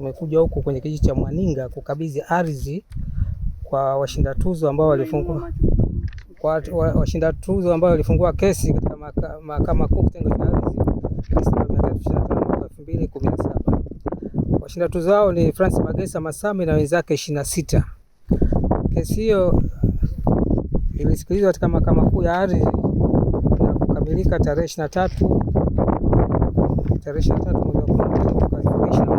tumekuja huku kwenye kijiji cha Mwaninga kukabidhi ardhi kwa washinda tuzo ambao walifungua kwa washinda tuzo ambao walifungua kesi katika mahakama kuu kitengo cha ardhi 2017. Washinda tuzo hao ni Francis Magesa Masami na wenzake 26. Kesi hiyo ilisikilizwa katika mahakama kuu ya ardhi na kukamilika tarehe 23 tarehe 23 mwezi wa 10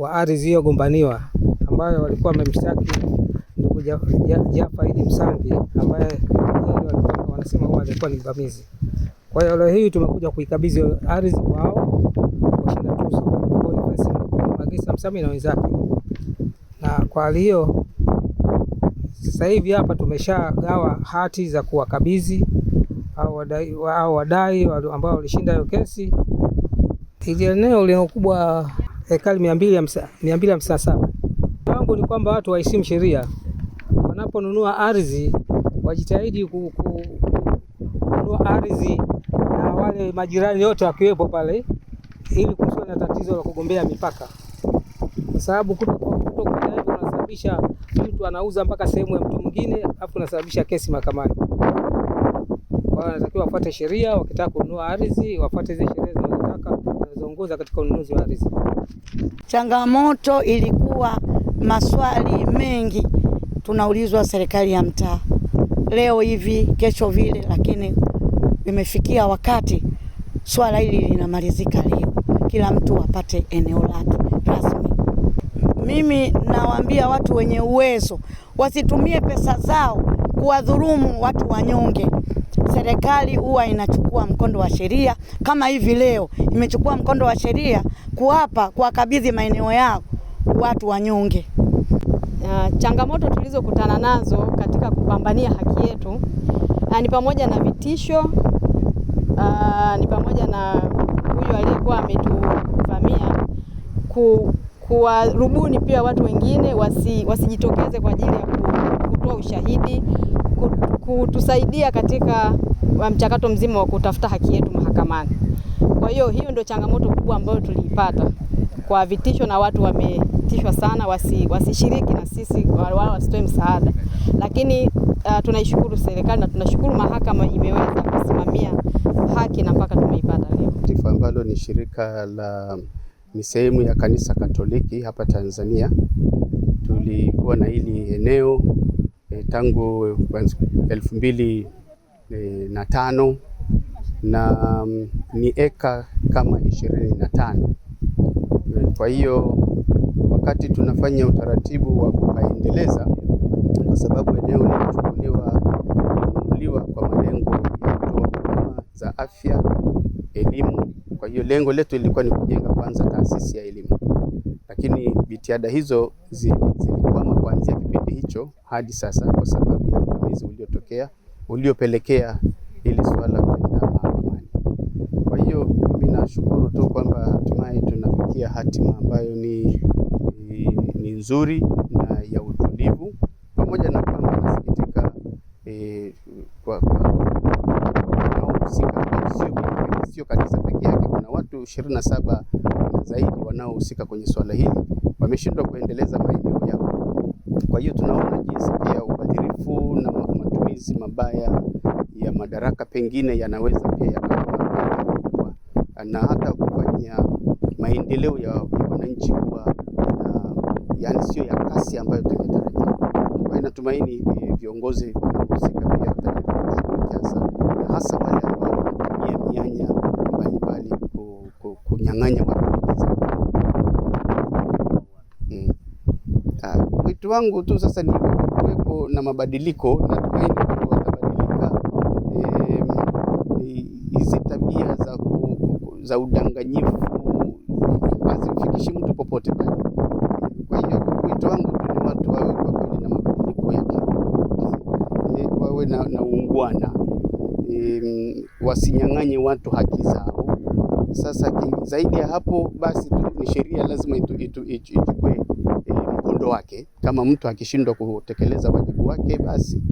wa ardhi iliyogombaniwa ambayo walikuwa wamemshtaki ndugu Jafar Idi Msangi ambaye wanasema huwa alikuwa ni mvamizi. Kwa hiyo leo hii tumekuja kuikabidhi ardhi kwao kushinda tuzo Magisa Msami na wenzake, na kwa hali hiyo sasa hivi hapa tumeshagawa hati za kuwakabidhi au wadai, wadai ambao walishinda hiyo kesi. Ili eneo lina ukubwa ekari mia mbili hamsini na saba. Wangu ni kwamba watu waheshimu sheria, wanaponunua ardhi wajitahidi kununua ardhi na wale majirani yote wakiwepo pale, ili kusiwe na tatizo la kugombea mipaka, kwa sababu kutokuwa hivyo unasababisha mtu anauza mpaka sehemu ya mtu mwingine, afu unasababisha kesi mahakamani. Wanatakiwa wafuate sheria, wakitaka kununua ardhi wafuate zile sheria zinazotaka zinazoongoza katika ununuzi wa ardhi. Changamoto ilikuwa maswali mengi tunaulizwa serikali ya mtaa, leo hivi, kesho vile, lakini imefikia wakati swala hili linamalizika leo, kila mtu apate eneo lake rasmi. Mimi nawaambia watu wenye uwezo wasitumie pesa zao kuwadhulumu watu wanyonge serikali huwa inachukua mkondo wa sheria, kama hivi leo imechukua mkondo wa sheria kuwapa kuwakabidhi maeneo yao watu wanyonge. Uh, changamoto tulizokutana nazo katika kupambania haki yetu uh, ni pamoja na vitisho uh, ni pamoja na huyu aliyekuwa ametuvamia ku, kuwarubuni pia watu wengine wasi, wasijitokeze kwa ajili ya kutoa ushahidi kutusaidia katika mchakato mzima wa kutafuta haki yetu mahakamani. Kwa hiyo hiyo ndio changamoto kubwa ambayo tuliipata kwa vitisho, na watu wametishwa sana wasi, wasishiriki na sisi wala wasitoe msaada, lakini uh, tunaishukuru serikali na tunashukuru mahakama imeweza kusimamia haki na mpaka tumeipata leo. Tifa ambalo ni shirika la ni sehemu ya kanisa Katoliki hapa Tanzania, tulikuwa na hili eneo e, tangu elfu mbili e, na tano na um, ni eka kama ishirini na tano. Eh, kwa hiyo wakati tunafanya utaratibu wa kupaendeleza, kwa sababu eneo lilichukuliwa lilinunuliwa kwa malengo ya kutoa huduma za afya, elimu. Kwa hiyo lengo letu lilikuwa ni kujenga kwanza taasisi ya elimu, lakini jitihada hizo zi, zi kuanzia kipindi hicho hadi sasa, kwa sababu ya uvamizi uliotokea uliopelekea ili swala kwenda mahakamani. Kwa hiyo mimi nashukuru tu kwamba hatimaye tunafikia hatima ambayo ni, ni, ni nzuri na ya utulivu, pamoja na kwamba nasikitika eh, kwa, wanaohusika sio kanisa peke yake, kuna watu ishirini na saba zaidi wanaohusika kwenye swala hili wameshindwa kuendeleza maendeleo kwa hiyo tunaona jinsi pia ubadhirifu na matumizi mabaya ya madaraka pengine yanaweza pia yakawa na hata kufanya maendeleo ya wananchi kuwa yaani sio ya kasi ambayo tungetarajia. Kwa hiyo natumaini eh, viongozi pia hasa wale ambao wanatumia mianya mbalimbali kunyang'anya watu wangu tu sasa ni kuwepo na mabadiliko, natumaini watabadilika eh, hizi e, tabia za, ku, za udanganyifu hazimfikishi mtu popote pale. Kwa hiyo wito wangu tu ni watu wawe kwa kweli na mabadiliko ya kiroho, eh, wawe na, na ungwana e, eh, wasinyang'anye watu haki zao. Sasa zaidi ya hapo basi tu ni sheria lazima itu muundo wake. Kama mtu akishindwa kutekeleza wajibu wake, basi